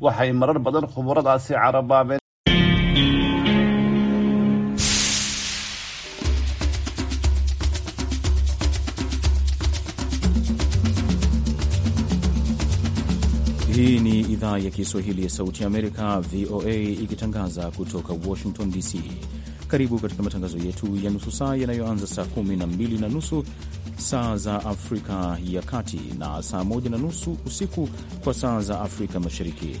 waxay marar badan khubaradaasi carabaabeen. Hii ni idhaa ya Kiswahili ya Sauti ya Amerika, VOA, ikitangaza kutoka Washington DC. Karibu katika matangazo yetu ya nusu saa yanayoanza saa kumi na mbili na nusu saa za Afrika ya Kati na saa moja na nusu usiku kwa saa za Afrika Mashariki.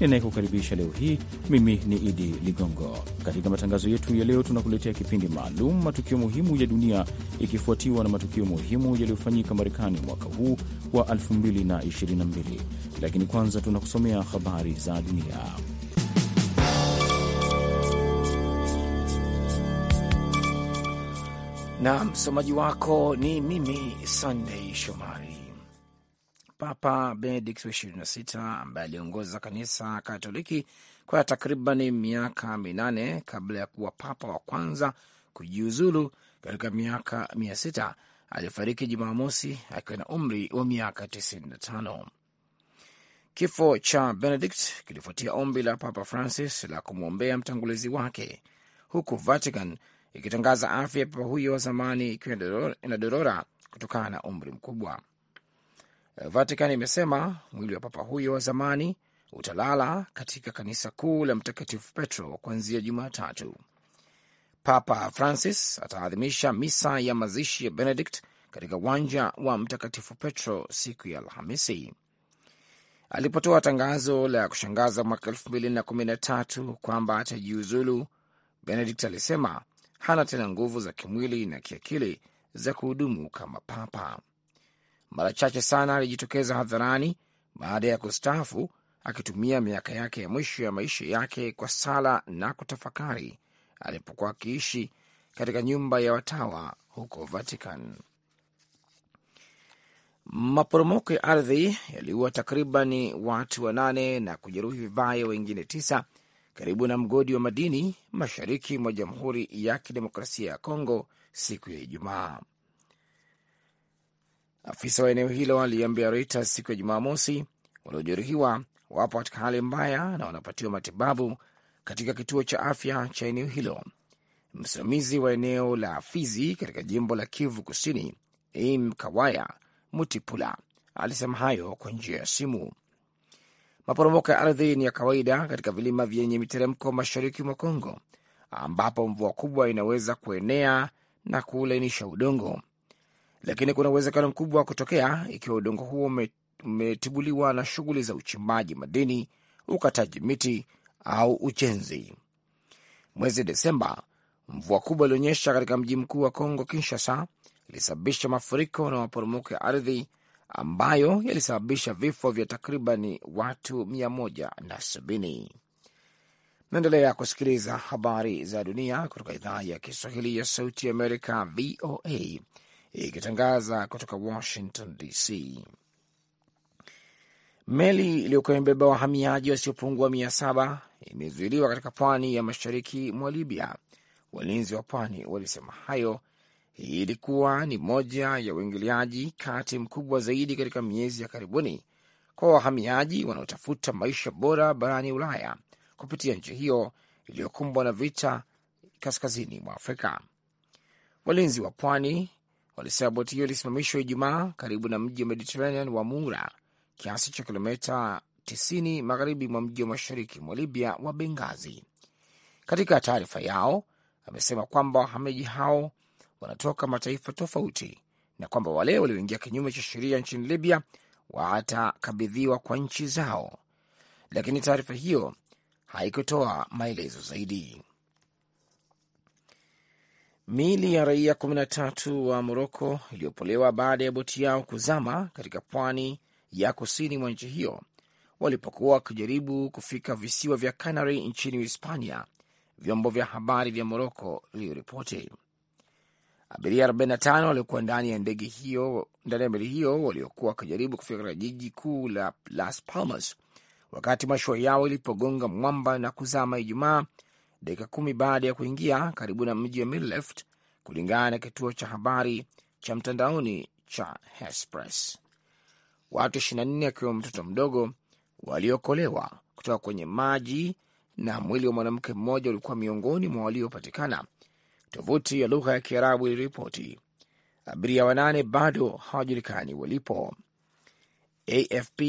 ninayekukaribisha leo hii mimi ni Idi Ligongo. Katika matangazo yetu ya leo, tunakuletea kipindi maalum matukio muhimu ya dunia, ikifuatiwa na matukio muhimu yaliyofanyika Marekani mwaka huu wa 2022 lakini kwanza tunakusomea habari za dunia. Na msomaji wako ni mimi Sunday Shomari. Papa Benedikt wa sita ambaye aliongoza kanisa Katoliki kwa takriban miaka minane kabla ya kuwa papa wa kwanza kujiuzulu katika miaka mia sita alifariki Jumamosi akiwa na umri wa miaka tano Kifo cha Benedict kilifuatia ombi la Papa Francis la kumwombea mtangulizi wake, huku Vatican ikitangaza afya ya papa huyo wa zamani ikiwa inadorora kutokana na umri mkubwa. Eh, Vatican imesema mwili wa papa huyo wa zamani utalala katika kanisa kuu la Mtakatifu Petro kuanzia Jumatatu. Papa Francis ataadhimisha misa ya mazishi ya Benedict katika uwanja wa Mtakatifu Petro siku ya Alhamisi. Alipotoa tangazo la kushangaza mwaka elfu mbili na kumi na tatu kwamba atajiuzulu, Benedict alisema hana tena nguvu za kimwili na kiakili za kuhudumu kama papa mara chache sana alijitokeza hadharani baada ya kustaafu, akitumia miaka yake ya mwisho ya maisha yake kwa sala na kutafakari alipokuwa akiishi katika nyumba ya watawa huko Vatican. Maporomoko ya ardhi yaliua takriban watu wanane na kujeruhi vibaya wengine tisa karibu na mgodi wa madini mashariki mwa Jamhuri ya Kidemokrasia ya Kongo siku ya Ijumaa. Afisa wa eneo hilo aliambia Reuters siku ya Jumamosi waliojeruhiwa wapo katika hali mbaya na wanapatiwa matibabu katika kituo cha afya cha eneo hilo. Msimamizi wa eneo la Fizi katika jimbo la Kivu Kusini, m Kawaya Mutipula alisema hayo kwa njia ya simu. Maporomoko ya ardhi ni ya kawaida katika vilima vyenye miteremko mashariki mwa Kongo, ambapo mvua kubwa inaweza kuenea na kuulainisha udongo lakini kuna uwezekano mkubwa wa kutokea ikiwa udongo huo umetibuliwa na shughuli za uchimbaji madini, ukataji miti au ujenzi. Mwezi Desemba, mvua kubwa ilionyesha katika mji mkuu wa Kongo, Kinshasa, ilisababisha mafuriko na maporomoko ya ardhi ambayo yalisababisha vifo vya takriban watu 170. Naendelea kusikiliza habari za dunia kutoka idhaa ya Kiswahili ya Sauti ya Amerika, VOA, ikitangaza kutoka Washington DC. Meli iliyokuwa imebeba wahamiaji wasiopungua mia saba imezuiliwa katika pwani ya mashariki mwa Libya. Walinzi wa pwani walisema hayo. Hii ilikuwa ni moja ya uingiliaji kati mkubwa zaidi katika miezi ya karibuni kwa wahamiaji wanaotafuta maisha bora barani Ulaya kupitia nchi hiyo iliyokumbwa na vita kaskazini mwa Afrika. Walinzi wa pwani walisema boti hiyo ilisimamishwa Ijumaa karibu na mji wa Mediterranean wa Mura, kiasi cha kilomita 90 magharibi mwa mji wa mashariki mwa Libya wa Bengazi. Katika taarifa yao amesema kwamba wahamiaji hao wanatoka mataifa tofauti na kwamba wale walioingia kinyume cha sheria nchini Libya watakabidhiwa kwa nchi zao, lakini taarifa hiyo haikutoa maelezo zaidi. Miili ya raia 13 wa Moroko iliyopolewa baada ya boti yao kuzama katika pwani ya kusini mwa nchi hiyo walipokuwa wakijaribu kufika visiwa vya Canary nchini Hispania, vyombo vya habari vya Moroko viliripoti. Abiria 45 waliokuwa ndani ya ndege hiyo, ndani ya meli hiyo waliokuwa wakijaribu kufika katika jiji kuu la Las Palmas wakati mashua yao ilipogonga mwamba na kuzama Ijumaa dakika kumi baada ya kuingia karibu na mji wa Midleft, kulingana na kituo cha habari cha mtandaoni cha Hespress. Watu 24 akiwemo mtoto mdogo waliokolewa kutoka kwenye maji na mwili wa mwanamke mmoja ulikuwa miongoni mwa waliopatikana, tovuti ya lugha ya Kiarabu iliripoti. Abiria wanane bado hawajulikani walipo. AFP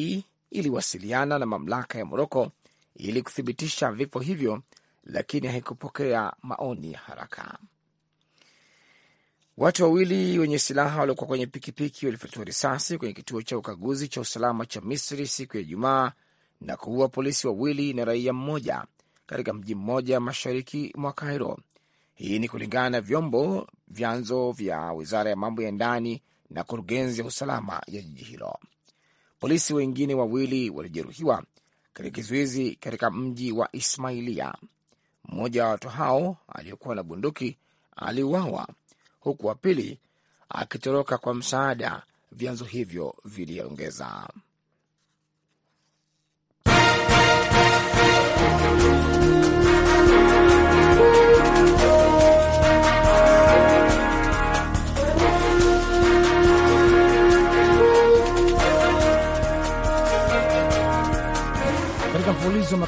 iliwasiliana na mamlaka ya Moroko ili kuthibitisha vifo hivyo lakini haikupokea maoni ya haraka. Watu wawili wenye silaha waliokuwa kwenye pikipiki walifyatua risasi kwenye kituo cha ukaguzi cha usalama cha Misri siku ya Ijumaa na kuua polisi wawili na raia mmoja katika mji mmoja mashariki mwa Cairo. Hii ni kulingana na vyombo vyanzo vya wizara ya mambo ya ndani na kurugenzi ya usalama ya jiji hilo. Polisi wengine wawili walijeruhiwa katika kizuizi katika mji wa Ismailia. Mmoja wa watu hao aliyekuwa na bunduki aliuawa huku wa pili akitoroka kwa msaada, vyanzo hivyo viliongeza.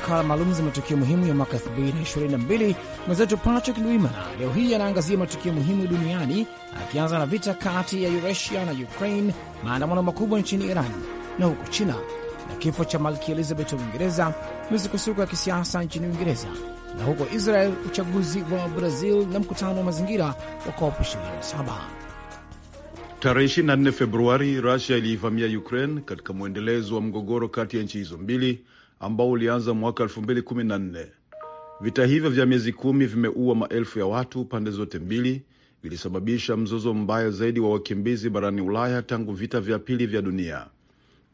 makala maalum za matukio muhimu ya mwaka 2022. Mwenzetu Patrick Ndwimana leo hii anaangazia matukio muhimu duniani, akianza na vita kati ya Rusia na Ukraine, maandamano makubwa nchini Iran na huko China, na kifo cha Malkia Elizabeth wa Uingereza, misukosuko ya kisiasa nchini Uingereza na huko Israel, uchaguzi wa Brazil na mkutano wa mazingira wa COP 27. Tarehe 24 Februari, Rusia iliivamia Ukraine katika mwendelezo wa mgogoro kati ya nchi hizo mbili ambao ulianza mwaka 2014. Vita hivyo vya miezi kumi vimeua maelfu ya watu pande zote mbili, vilisababisha mzozo mbaya zaidi wa wakimbizi barani Ulaya tangu vita vya pili vya dunia.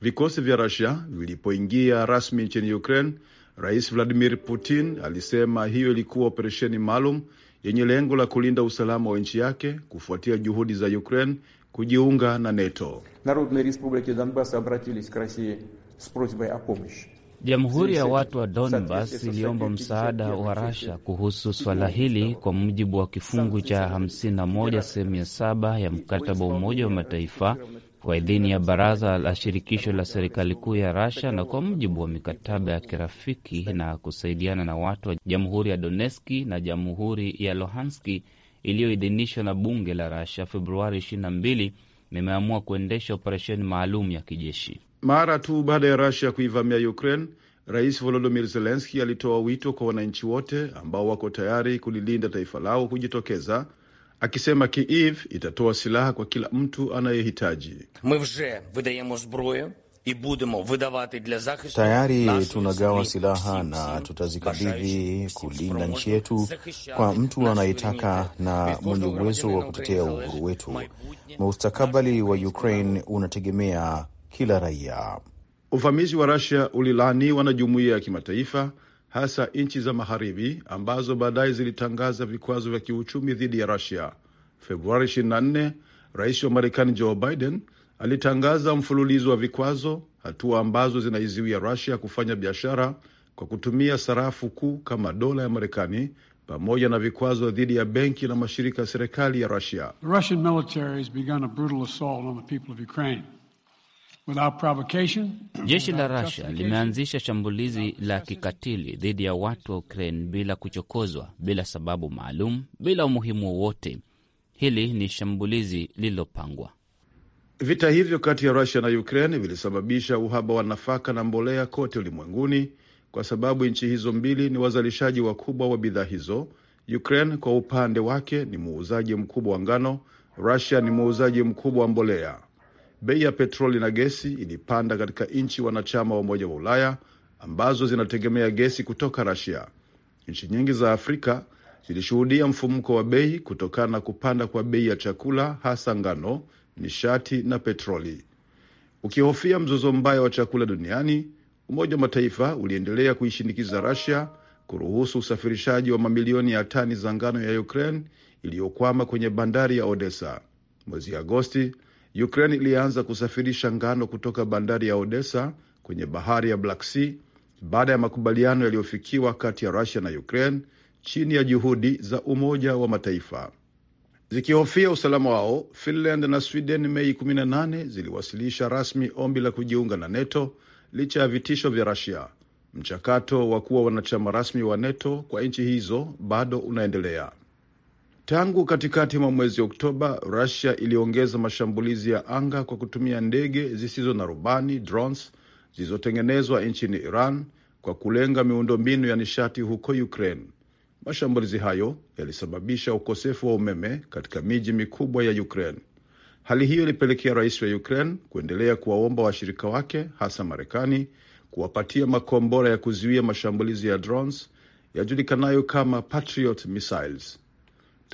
Vikosi vya Russia vilipoingia rasmi nchini Ukraine, Rais Vladimir Putin alisema hiyo ilikuwa operesheni maalum yenye lengo la kulinda usalama wa nchi yake kufuatia juhudi za Ukraine kujiunga na NATO. Narodne Respublike Donbas obratilis k Rossii s prosbay o pomoshi Jamhuri ya watu wa Donbas iliomba msaada wa Rasha kuhusu swala hili kwa mujibu wa kifungu cha 51 sehemu ya saba ya mkataba wa Umoja wa Mataifa kwa idhini ya Baraza la Shirikisho la Serikali Kuu ya Rasha na kwa mujibu wa mikataba ya kirafiki na kusaidiana na watu wa Jamhuri ya doneski na Jamhuri ya lohanski iliyoidhinishwa na bunge la Rasha Februari 22, nimeamua kuendesha operesheni maalum ya kijeshi. Mara tu baada ya Russia kuivamia Ukraine, Rais volodomir zelenski alitoa wito kwa wananchi wote ambao wako tayari kulilinda taifa lao kujitokeza, akisema Kiev itatoa silaha kwa kila mtu anayehitaji. mi vidayemo zbroyu i budemo vidavati dla zahistu. Tayari tunagawa silaha na tutazikabidhi kulinda nchi yetu kwa mtu anayetaka na mwenye uwezo wa kutetea uhuru wetu. Mustakabali wa Ukraine unategemea kila raia. Uvamizi wa rasia ulilaaniwa na jumuiya ya kimataifa, hasa nchi za magharibi ambazo baadaye zilitangaza vikwazo vya kiuchumi dhidi ya rasia Februari 24, rais wa Marekani Joe Biden alitangaza mfululizo wa vikwazo, hatua ambazo zinaiziwia rusia kufanya biashara kwa kutumia sarafu kuu kama dola ya Marekani pamoja na vikwazo dhidi ya benki na mashirika ya serikali ya rasia Jeshi la Rusia limeanzisha shambulizi la kikatili dhidi ya watu wa Ukraine bila kuchokozwa, bila sababu maalum, bila umuhimu wowote. Hili ni shambulizi lililopangwa. Vita hivyo kati ya Rusia na Ukraine vilisababisha uhaba wa nafaka na mbolea kote ulimwenguni, kwa sababu nchi hizo mbili ni wazalishaji wakubwa wa, wa bidhaa hizo. Ukraine kwa upande wake ni muuzaji mkubwa wa ngano, rusia ni muuzaji mkubwa wa mbolea. Bei ya petroli na gesi ilipanda katika nchi wanachama wa Umoja wa Ulaya ambazo zinategemea gesi kutoka Rasia. Nchi nyingi za Afrika zilishuhudia mfumko wa bei kutokana na kupanda kwa bei ya chakula, hasa ngano, nishati na petroli. Ukihofia mzozo mbaya wa chakula duniani, Umoja wa Mataifa uliendelea kuishinikiza Rasia kuruhusu usafirishaji wa mamilioni ya tani za ngano ya Ukraine iliyokwama kwenye bandari ya Odessa. Mwezi Agosti, Ukraine ilianza kusafirisha ngano kutoka bandari ya Odessa kwenye bahari ya Black Sea baada ya makubaliano yaliyofikiwa kati ya Rusia na Ukraine chini ya juhudi za Umoja wa Mataifa. Zikihofia usalama wao, Finland na Sweden Mei 18 ziliwasilisha rasmi ombi la kujiunga na NATO licha ya vitisho vya rasia Mchakato wa kuwa wanachama rasmi wa NATO kwa nchi hizo bado unaendelea. Tangu katikati mwa mwezi Oktoba, Rusia iliongeza mashambulizi ya anga kwa kutumia ndege zisizo na rubani drones zilizotengenezwa nchini Iran kwa kulenga miundombinu ya nishati huko Ukraine. Mashambulizi hayo yalisababisha ukosefu wa umeme katika miji mikubwa ya Ukraine. Hali hiyo ilipelekea rais wa Ukraine kuendelea kuwaomba washirika wake hasa Marekani kuwapatia makombora ya kuzuia mashambulizi ya drones yajulikanayo kama Patriot missiles.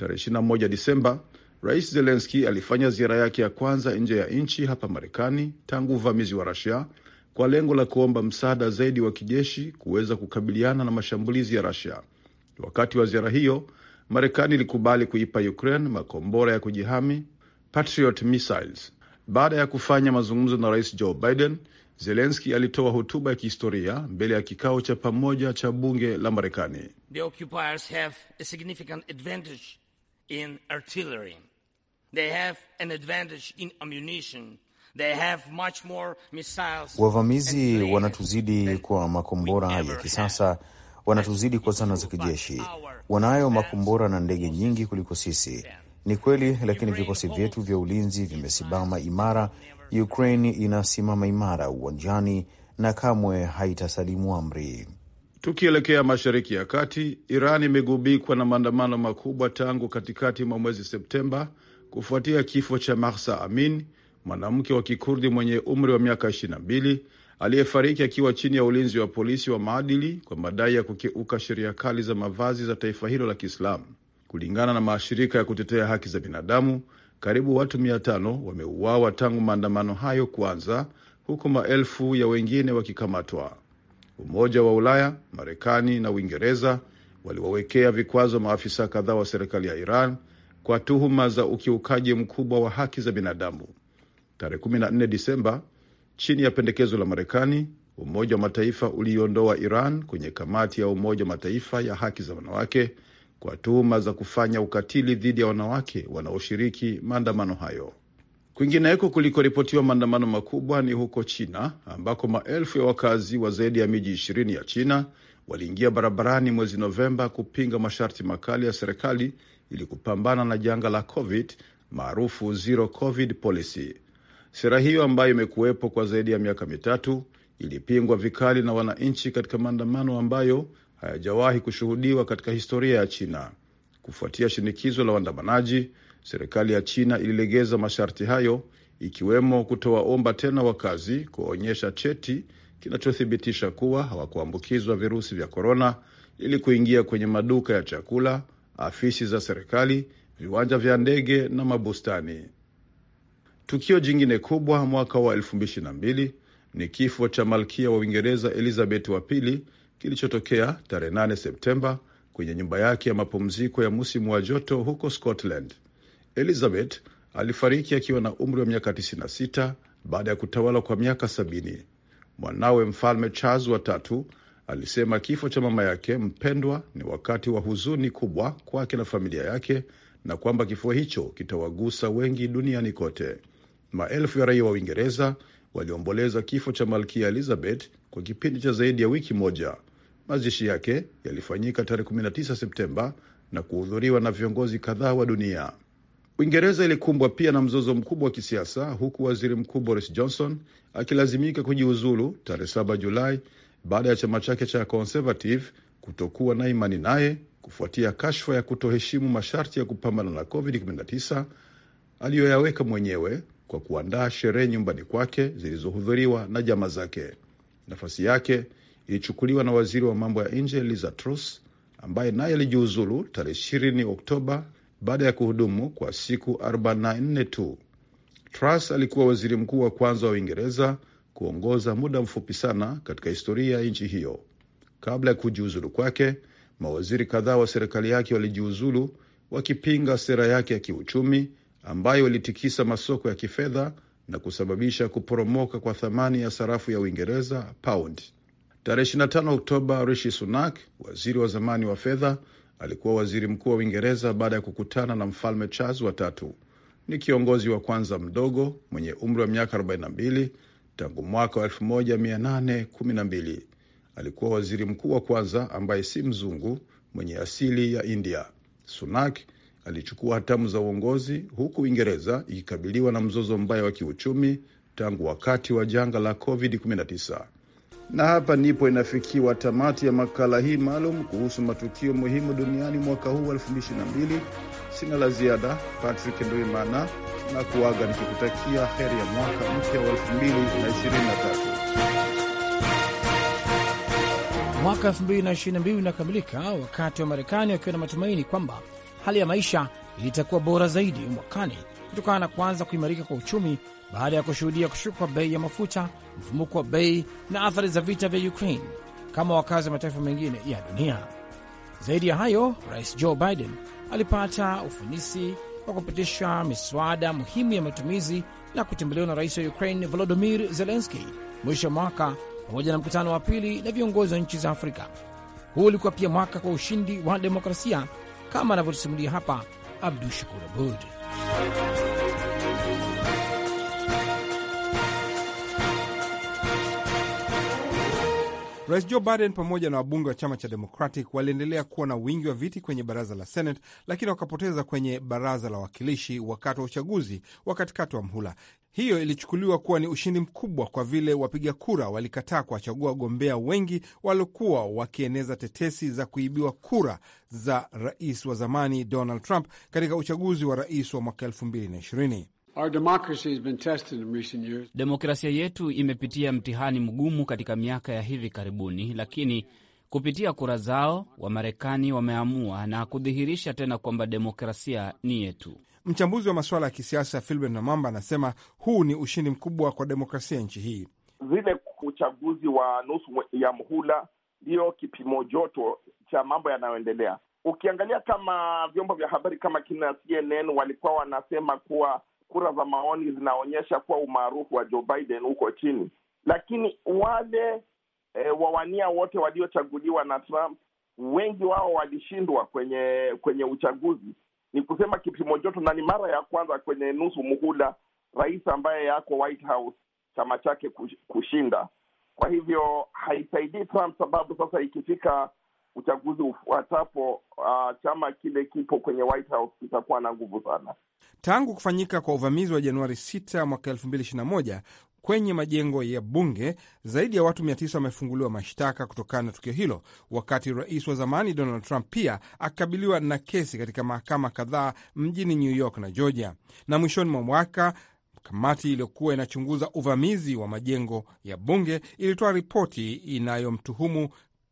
Tarehe 21 Disemba, Rais Zelenski alifanya ziara yake ya kwanza nje ya nchi hapa Marekani tangu uvamizi wa Rusia kwa lengo la kuomba msaada zaidi wa kijeshi kuweza kukabiliana na mashambulizi ya Rusia. Wakati wa ziara hiyo, Marekani ilikubali kuipa Ukraine makombora ya kujihami Patriot missiles. Baada ya kufanya mazungumzo na Rais Joe Biden, Zelenski alitoa hotuba ya kihistoria mbele ya kikao cha pamoja cha bunge la Marekani. The occupiers have a significant advantage in artillery. They have an advantage in ammunition. They have much more missiles. Wavamizi wanatuzidi kwa makombora ya kisasa, wanatuzidi kwa zana za kijeshi. Wanayo makombora na ndege nyingi kuliko sisi. Ni kweli, lakini vikosi vyetu vya ulinzi vimesimama imara. Ukraine inasimama imara uwanjani na kamwe haitasalimu amri. Tukielekea mashariki ya kati, Iran imegubikwa na maandamano makubwa tangu katikati mwa mwezi Septemba kufuatia kifo cha Mahsa Amin, mwanamke wa Kikurdi mwenye umri wa miaka 22 aliyefariki akiwa chini ya ulinzi wa polisi wa maadili kwa madai ya kukiuka sheria kali za mavazi za taifa hilo la Kiislamu. Kulingana na mashirika ya kutetea haki za binadamu, karibu watu mia tano wameuawa tangu maandamano hayo kuanza, huku maelfu ya wengine wakikamatwa. Umoja wa Ulaya, Marekani na Uingereza waliwawekea vikwazo maafisa kadhaa wa serikali ya Iran kwa tuhuma za ukiukaji mkubwa wa haki za binadamu. Tarehe 14 Disemba, chini ya pendekezo la Marekani, Umoja wa Mataifa uliiondoa Iran kwenye kamati ya Umoja wa Mataifa ya haki za wanawake kwa tuhuma za kufanya ukatili dhidi ya wanawake wanaoshiriki maandamano hayo. Kwingineko kulikoripotiwa maandamano makubwa ni huko China ambako maelfu ya wakazi wa zaidi ya miji ishirini ya China waliingia barabarani mwezi Novemba kupinga masharti makali ya serikali ili kupambana na janga la COVID maarufu zero COVID policy. Sera hiyo ambayo imekuwepo kwa zaidi ya miaka mitatu ilipingwa vikali na wananchi katika maandamano ambayo hayajawahi kushuhudiwa katika historia ya China. Kufuatia shinikizo la waandamanaji, Serikali ya China ililegeza masharti hayo, ikiwemo kutowaomba tena wakazi kuonyesha cheti kinachothibitisha kuwa hawakuambukizwa virusi vya korona ili kuingia kwenye maduka ya chakula, afisi za serikali, viwanja vya ndege na mabustani. Tukio jingine kubwa mwaka wa 2022 ni kifo cha malkia wa Uingereza Elizabeth wa pili kilichotokea tarehe 8 Septemba kwenye nyumba yake ya mapumziko ya msimu wa joto huko Scotland. Elizabeth alifariki akiwa na umri wa miaka 96 baada ya kutawala kwa miaka sabini. Mwanawe Mfalme Charles wa tatu alisema kifo cha mama yake mpendwa ni wakati wa huzuni kubwa kwake na familia yake na kwamba kifo hicho kitawagusa wengi duniani kote. Maelfu ya raia wa Uingereza waliomboleza kifo cha Malkia Elizabeth kwa kipindi cha zaidi ya wiki moja. Mazishi yake yalifanyika tarehe 19 Septemba na kuhudhuriwa na viongozi kadhaa wa dunia. Uingereza ilikumbwa pia na mzozo mkubwa wa kisiasa huku waziri mkuu Boris Johnson akilazimika kujiuzulu tarehe 7 Julai baada ya chama chake cha Conservative kutokuwa na imani naye kufuatia kashfa ya kutoheshimu masharti ya kupambana na COVID-19 aliyoyaweka mwenyewe kwa kuandaa sherehe nyumbani kwake zilizohudhuriwa na jamaa zake. Nafasi yake ilichukuliwa na waziri wa mambo ya nje Liza Truss ambaye naye alijiuzulu tarehe 20 Oktoba baada ya kuhudumu kwa siku 44 tu. Truss alikuwa waziri mkuu wa kwanza wa Uingereza kuongoza muda mfupi sana katika historia ya nchi hiyo. Kabla ya kujiuzulu kwake, mawaziri kadhaa wa serikali yake walijiuzulu wakipinga sera yake ya kiuchumi ambayo ilitikisa masoko ya kifedha na kusababisha kuporomoka kwa thamani ya sarafu ya Uingereza, pound. Tarehe 25 Oktoba, Rishi Sunak, waziri wa zamani wa fedha, alikuwa waziri mkuu wa Uingereza baada ya kukutana na mfalme Charles wa tatu. Ni kiongozi wa kwanza mdogo mwenye umri wa miaka 42 tangu mwaka wa 1812. Alikuwa waziri mkuu wa kwanza ambaye si mzungu mwenye asili ya India. Sunak alichukua hatamu za uongozi huku Uingereza ikikabiliwa na mzozo mbaya wa kiuchumi tangu wakati wa janga la COVID-19. Na hapa ndipo inafikiwa tamati ya makala hii maalum kuhusu matukio muhimu duniani mwaka huu wa 2022. Sina la ziada. Patrick Ndwimana na kuaga nikikutakia heri ya mwaka mpya wa 2023. Mwaka 2022 unakamilika wakati wa Marekani wakiwa na matumaini kwamba hali ya maisha itakuwa bora zaidi mwakani kutokana na kuanza kuimarika kwa uchumi baada ya kushuhudia kushuka kwa bei ya mafuta, mfumuko wa bei na athari za vita vya Ukraine kama wakazi wa mataifa mengine ya dunia. Zaidi ya hayo, Rais Joe Biden alipata ufanisi wa kupitisha miswada muhimu ya matumizi na kutembelewa na rais wa Ukraine Volodimir Zelenski mwisho wa mwaka pamoja na mkutano wa pili na viongozi wa nchi za Afrika. Huu ulikuwa pia mwaka kwa ushindi wa demokrasia kama anavyotusimulia hapa Abdu Shakur Abud. Thank you. Rais Joe Biden pamoja na wabunge wa chama cha Democratic waliendelea kuwa na wingi wa viti kwenye baraza la Senate, lakini wakapoteza kwenye baraza la wawakilishi wakati wa uchaguzi wa katikati wa mhula. Hiyo ilichukuliwa kuwa ni ushindi mkubwa kwa vile wapiga kura walikataa kuwachagua wagombea wengi waliokuwa wakieneza tetesi za kuibiwa kura za rais wa zamani Donald Trump katika uchaguzi wa rais wa mwaka 2020. Demokrasia yetu imepitia mtihani mgumu katika miaka ya hivi karibuni, lakini kupitia kura zao Wamarekani wameamua na kudhihirisha tena kwamba demokrasia ni yetu. Mchambuzi wa masuala ya kisiasa Filbert Namamba anasema huu ni ushindi mkubwa kwa demokrasia ya nchi hii. Vile uchaguzi wa nusu ya mhula ndiyo kipimo joto cha mambo yanayoendelea. Ukiangalia kama vyombo vya habari kama kina CNN walikuwa wanasema kuwa kura za maoni zinaonyesha kuwa umaarufu wa Joe Biden uko chini, lakini wale e, wawania wote waliochaguliwa na Trump wengi wao walishindwa kwenye kwenye uchaguzi. Ni kusema kipimo joto, na ni mara ya kwanza kwenye nusu muhula rais ambaye yako White House chama chake kushinda. Kwa hivyo haisaidii Trump, sababu sasa ikifika uchaguzi ufuatapo, uh, chama kile kipo kwenye White House kitakuwa na nguvu sana. Tangu kufanyika kwa uvamizi wa Januari 6 mwaka 2021 kwenye majengo ya bunge, zaidi ya watu 900 wamefunguliwa mashtaka kutokana na tukio hilo, wakati rais wa zamani Donald Trump pia akabiliwa na kesi katika mahakama kadhaa mjini New York na Georgia. Na mwishoni mwa mwaka kamati iliyokuwa inachunguza uvamizi wa majengo ya bunge ilitoa ripoti inayomtuhumu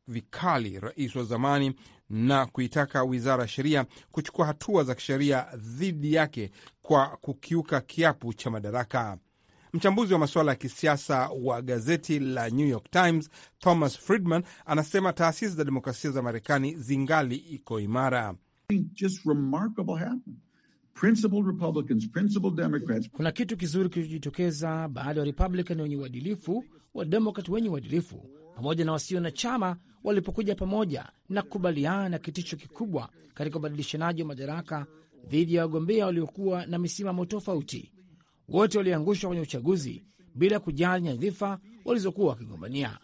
vikali rais wa zamani na kuitaka wizara ya sheria kuchukua hatua za kisheria dhidi yake kwa kukiuka kiapu cha madaraka. Mchambuzi wa masuala ya kisiasa wa gazeti la New York Times Thomas Friedman anasema taasisi za demokrasia za Marekani zingali iko imara. Kuna kitu kizuri kilichojitokeza baada ya Republican wenye uadilifu, Wademokrat wenye uadilifu pamoja na wasio na chama walipokuja pamoja na kukubaliana na kitisho kikubwa katika ubadilishanaji wa madaraka dhidi ya wagombea waliokuwa na misimamo tofauti. Wote waliangushwa kwenye uchaguzi bila kujali nyadhifa walizokuwa wakigombania.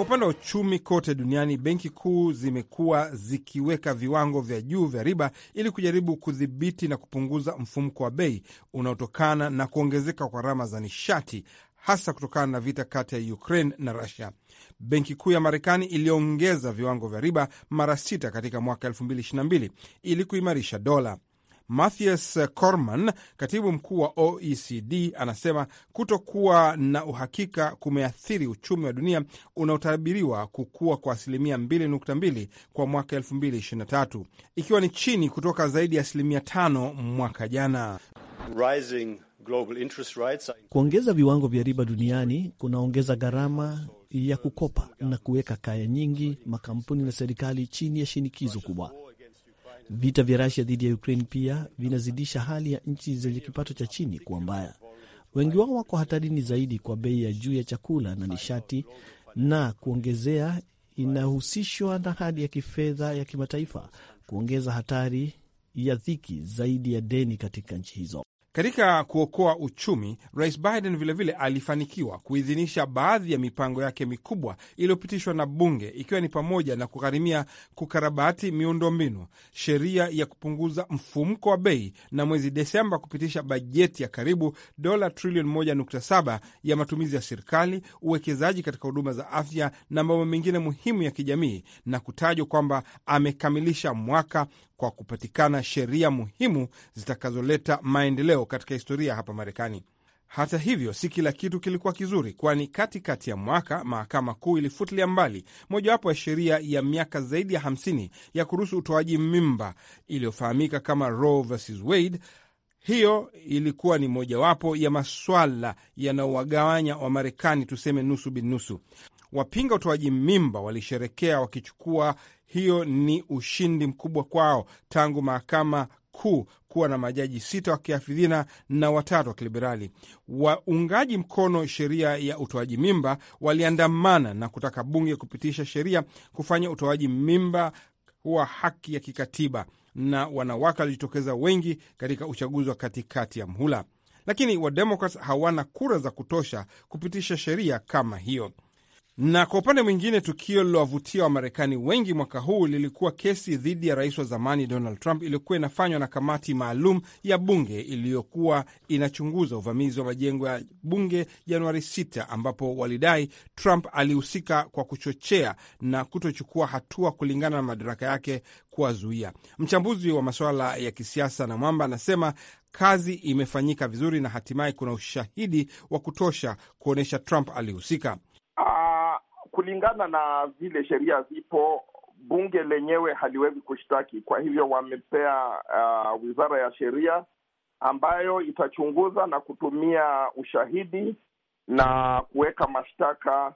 Kwa upande wa uchumi kote duniani, benki kuu zimekuwa zikiweka viwango vya juu vya riba ili kujaribu kudhibiti na kupunguza mfumko wa bei unaotokana na kuongezeka kwa gharama za nishati hasa kutokana na vita kati ya Ukraine na rasia Benki kuu ya Marekani iliongeza viwango vya riba mara sita katika mwaka 2022 ili kuimarisha dola. Mathias Corman, katibu mkuu wa OECD, anasema kutokuwa na uhakika kumeathiri uchumi wa dunia unaotabiriwa kukua kwa asilimia 2.2 kwa mwaka 2023 ikiwa ni chini kutoka zaidi ya asilimia 5 mwaka jana. Kuongeza viwango vya riba duniani kunaongeza gharama ya kukopa na kuweka kaya nyingi, makampuni na serikali chini ya shinikizo kubwa. Vita vya Rusia dhidi ya Ukraine pia vinazidisha hali ya nchi zenye kipato cha chini kuwa mbaya. Wengi wao wako hatarini zaidi kwa bei ya juu ya chakula na nishati, na kuongezea inahusishwa na hali ya kifedha ya kimataifa kuongeza hatari ya dhiki zaidi ya deni katika nchi hizo. Katika kuokoa uchumi, Rais Biden vilevile alifanikiwa kuidhinisha baadhi ya mipango yake mikubwa iliyopitishwa na bunge ikiwa ni pamoja na kugharimia kukarabati miundombinu, sheria ya kupunguza mfumko wa bei na mwezi Desemba kupitisha bajeti ya karibu dola trilioni 1.7 ya matumizi ya serikali, uwekezaji katika huduma za afya na mambo mengine muhimu ya kijamii, na kutajwa kwamba amekamilisha mwaka kwa kupatikana sheria muhimu zitakazoleta maendeleo katika historia hapa Marekani. Hata hivyo, si kila kitu kilikuwa kizuri, kwani katikati ya mwaka mahakama kuu ilifutilia mbali mojawapo ya sheria ya miaka zaidi ya 50 ya kuruhusu utoaji mimba iliyofahamika kama Roe versus Wade. Hiyo ilikuwa ni mojawapo ya maswala yanayowagawanya marekani tuseme nusu binusu. Wapinga utoaji mimba walisherekea wakichukua hiyo ni ushindi mkubwa kwao tangu mahakama kuu kuwa na majaji sita wa kiafidhina na watatu wa kiliberali. Waungaji mkono sheria ya utoaji mimba waliandamana na kutaka bunge kupitisha sheria kufanya utoaji mimba kuwa haki ya kikatiba, na wanawake walijitokeza wengi katika uchaguzi wa katikati ya mhula, lakini wademokrat hawana kura za kutosha kupitisha sheria kama hiyo. Na kwa upande mwingine, tukio lililowavutia Wamarekani wengi mwaka huu lilikuwa kesi dhidi ya rais wa zamani Donald Trump iliyokuwa inafanywa na kamati maalum ya bunge iliyokuwa inachunguza uvamizi wa majengo ya bunge Januari 6, ambapo walidai Trump alihusika kwa kuchochea na kutochukua hatua kulingana na madaraka yake kuwazuia. Mchambuzi wa masuala ya kisiasa na Mwamba anasema kazi imefanyika vizuri na hatimaye kuna ushahidi wa kutosha kuonyesha Trump alihusika kulingana na vile sheria zipo, bunge lenyewe haliwezi kushtaki. Kwa hivyo wamepea uh, wizara ya sheria ambayo itachunguza na kutumia ushahidi na kuweka mashtaka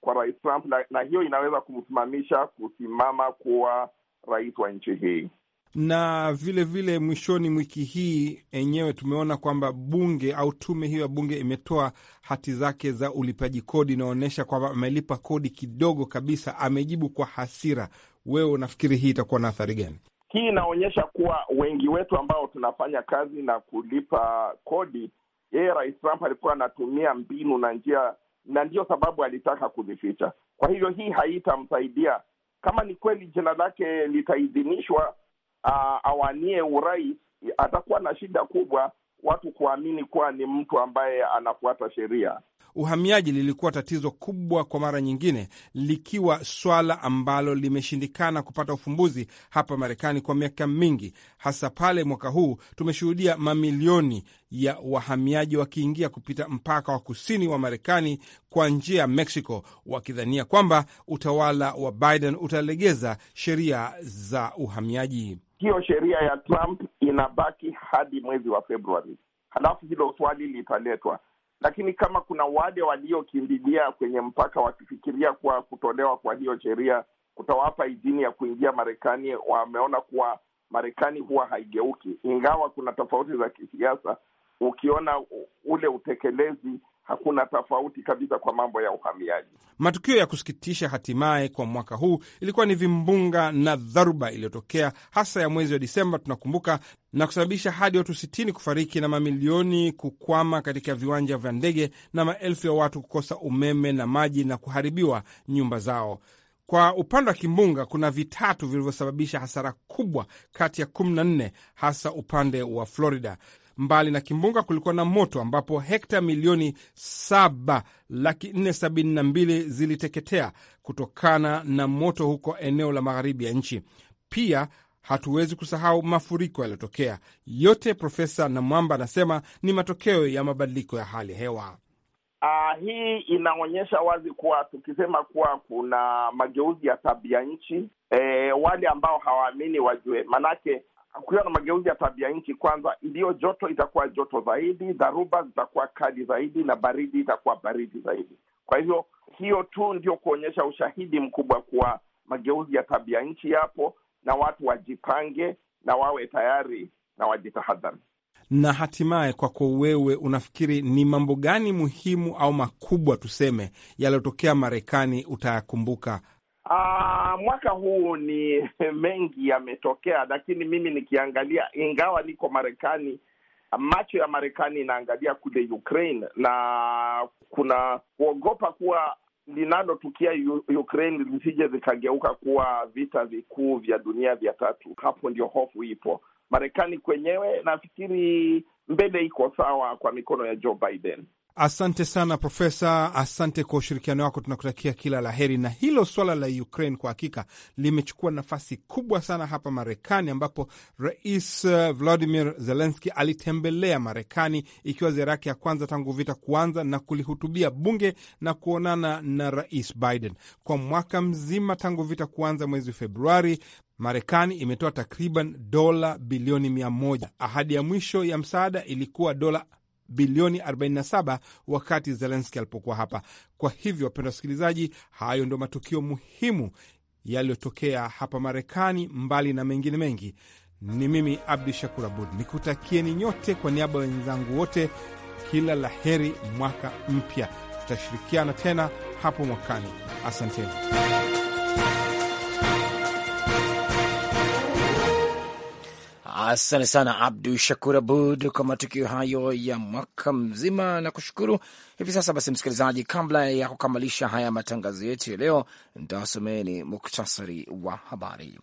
kwa rais Trump na, na hiyo inaweza kumsimamisha kusimama kuwa rais wa nchi hii na vilevile vile mwishoni mwiki hii enyewe tumeona kwamba bunge au tume hiyo ya bunge imetoa hati zake za ulipaji kodi, inaonyesha kwamba amelipa kodi kidogo kabisa. Amejibu kwa hasira. Wewe unafikiri hii itakuwa na athari gani? Hii inaonyesha kuwa wengi wetu ambao tunafanya kazi na kulipa kodi, yeye Rais Trump alikuwa anatumia mbinu na njia, na ndio sababu alitaka kuzificha. Kwa hivyo hii haitamsaidia. Kama ni kweli jina lake litaidhinishwa uh, awanie urais atakuwa na shida kubwa watu kuamini kuwa ni mtu ambaye anafuata sheria. Uhamiaji lilikuwa tatizo kubwa kwa mara nyingine, likiwa swala ambalo limeshindikana kupata ufumbuzi hapa Marekani kwa miaka mingi, hasa pale mwaka huu tumeshuhudia mamilioni ya wahamiaji wakiingia kupita mpaka wa kusini wa Marekani kwa njia ya Mexico, wakidhania kwamba utawala wa Biden utalegeza sheria za uhamiaji hiyo sheria ya Trump inabaki hadi mwezi wa Februari, halafu hilo swali litaletwa. Lakini kama kuna wale waliokimbilia kwenye mpaka wakifikiria kuwa kutolewa kwa hiyo sheria kutawapa idhini ya kuingia Marekani, wameona kuwa Marekani huwa haigeuki, ingawa kuna tofauti za kisiasa. Ukiona ule utekelezi hakuna tofauti kabisa kwa mambo ya uhamiaji. Matukio ya kusikitisha hatimaye kwa mwaka huu ilikuwa ni vimbunga na dharuba iliyotokea hasa ya mwezi wa Disemba, tunakumbuka, na kusababisha hadi watu sitini kufariki na mamilioni kukwama katika viwanja vya ndege na maelfu ya watu kukosa umeme na maji na kuharibiwa nyumba zao. Kwa upande wa kimbunga kuna vitatu vilivyosababisha hasara kubwa kati ya kumi na nne hasa upande wa Florida. Mbali na kimbunga, kulikuwa na moto ambapo hekta milioni 7 laki 472 ziliteketea kutokana na moto huko eneo la magharibi ya nchi. Pia hatuwezi kusahau mafuriko yaliyotokea. Yote Profesa Namwamba anasema ni matokeo ya mabadiliko ya hali ya hewa. Uh, hii inaonyesha wazi kuwa tukisema kuwa kuna mageuzi ya tabia nchi, e, wale ambao hawaamini wajue, manake kukiwa na mageuzi ya tabia nchi, kwanza iliyo joto itakuwa joto zaidi, dharuba zitakuwa kali zaidi, na baridi itakuwa baridi zaidi. Kwa hivyo hiyo tu ndio kuonyesha ushahidi mkubwa kuwa mageuzi ya tabia nchi yapo na watu wajipange na wawe tayari na wajitahadhari. Na hatimaye, kwako wewe, unafikiri ni mambo gani muhimu au makubwa tuseme, yaliyotokea Marekani utayakumbuka Aa, ah, mwaka huu ni mengi yametokea, lakini mimi nikiangalia, ingawa niko Marekani, macho ya Marekani inaangalia kule Ukraine na kuna kuogopa kuwa linalotukia Ukraine lisije zikageuka kuwa vita vikuu vya dunia vya tatu. Hapo ndio hofu ipo. Marekani kwenyewe nafikiri mbele iko sawa kwa mikono ya Joe Biden. Asante sana Profesa, asante kwa ushirikiano wako, tunakutakia kila la heri. Na hilo swala la Ukraine kwa hakika limechukua nafasi kubwa sana hapa Marekani, ambapo Rais uh, Vladimir Zelenski alitembelea Marekani ikiwa ziara yake ya kwanza tangu vita kuanza, na kulihutubia bunge na kuonana na Rais Biden. Kwa mwaka mzima tangu vita kuanza mwezi Februari, Marekani imetoa takriban dola bilioni mia moja. Ahadi ya mwisho ya msaada ilikuwa dola bilioni 47 wakati Zelenski alipokuwa hapa. Kwa hivyo, wapenda wasikilizaji, hayo ndio matukio muhimu yaliyotokea hapa Marekani, mbali na mengine mengi. Ni mimi Abdu Shakur Abud nikutakieni nyote kwa niaba ya wenzangu wote kila la heri mwaka mpya. Tutashirikiana tena hapo mwakani. Asanteni. Asante sana Abdu Shakur Abud kwa matukio hayo ya mwaka mzima na kushukuru. Hivi sasa basi, msikilizaji, kabla ya kukamilisha haya matangazo yetu ya leo, nitawasomeeni muktasari wa habari.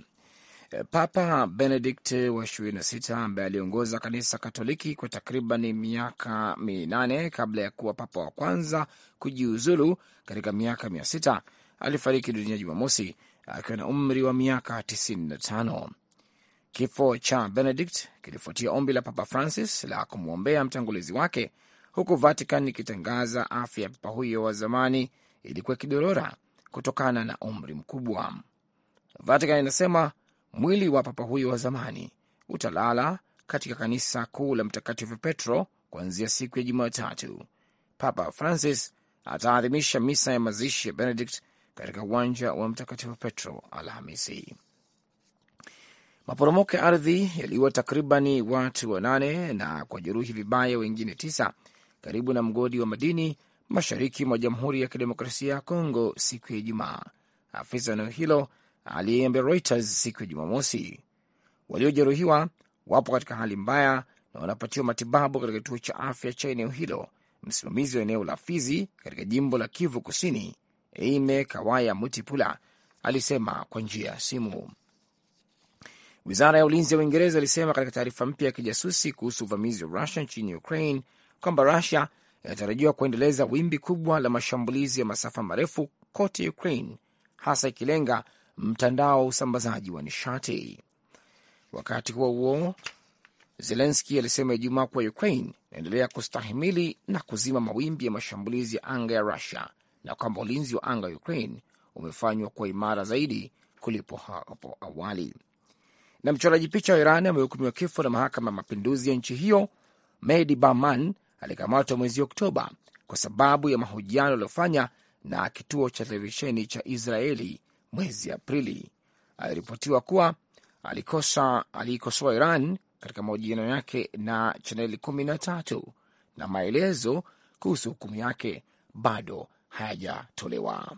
E, papa Benedict wa sita ambaye aliongoza kanisa Katoliki kwa takriban miaka minane kabla ya kuwa papa wa kwanza kujiuzulu katika miaka mia sita alifariki dunia Jumamosi akiwa na umri wa miaka tano. Kifo cha Benedict kilifuatia ombi la Papa Francis la kumwombea mtangulizi wake, huku Vatican ikitangaza afya ya papa huyo wa zamani ilikuwa ikidorora kutokana na umri mkubwa. Vatican inasema mwili wa papa huyo wa zamani utalala katika kanisa kuu la Mtakatifu Petro kuanzia siku ya Jumatatu. Papa Francis ataadhimisha misa ya mazishi ya Benedict katika uwanja wa Mtakatifu Petro Alhamisi. Maporomoko ya ardhi yaliua takribani watu wanane na jeruhi vibaya wengine tisa karibu na mgodi wa madini mashariki mwa Jamhuri ya Kidemokrasia ya Kongo siku ya Ijumaa. Afisa wa eneo hilo aliyeambia Reuters siku ya Jumamosi waliojeruhiwa wapo katika hali mbaya na wanapatiwa matibabu katika kituo cha afya cha eneo hilo. Msimamizi wa eneo la Fizi katika jimbo la Kivu Kusini, Eime Kawaya Mutipula alisema kwa njia ya simu. Wizara ya ulinzi ya Uingereza ilisema katika taarifa mpya ya kijasusi kuhusu uvamizi wa Rusia nchini Ukraine kwamba Rusia inatarajiwa kuendeleza wimbi kubwa la mashambulizi ya masafa marefu kote Ukraine, hasa ikilenga mtandao wa usambazaji wa nishati. Wakati huo huo, Zelenski alisema Ijumaa kuwa Ukraine inaendelea kustahimili na kuzima mawimbi ya mashambulizi ya anga ya Rusia na kwamba ulinzi wa anga ya Ukraine umefanywa kuwa imara zaidi kulipo hapo awali na mchoraji picha wa Iran amehukumiwa kifo na mahakama ya mapinduzi ya nchi hiyo. Mehdi Baman alikamatwa mwezi Oktoba kwa sababu ya mahojiano aliyofanya na kituo cha televisheni cha Israeli mwezi Aprili. Aliripotiwa kuwa alikosa aliikosoa Iran katika mahojiano yake na chaneli kumi na tatu na maelezo kuhusu hukumu yake bado hayajatolewa.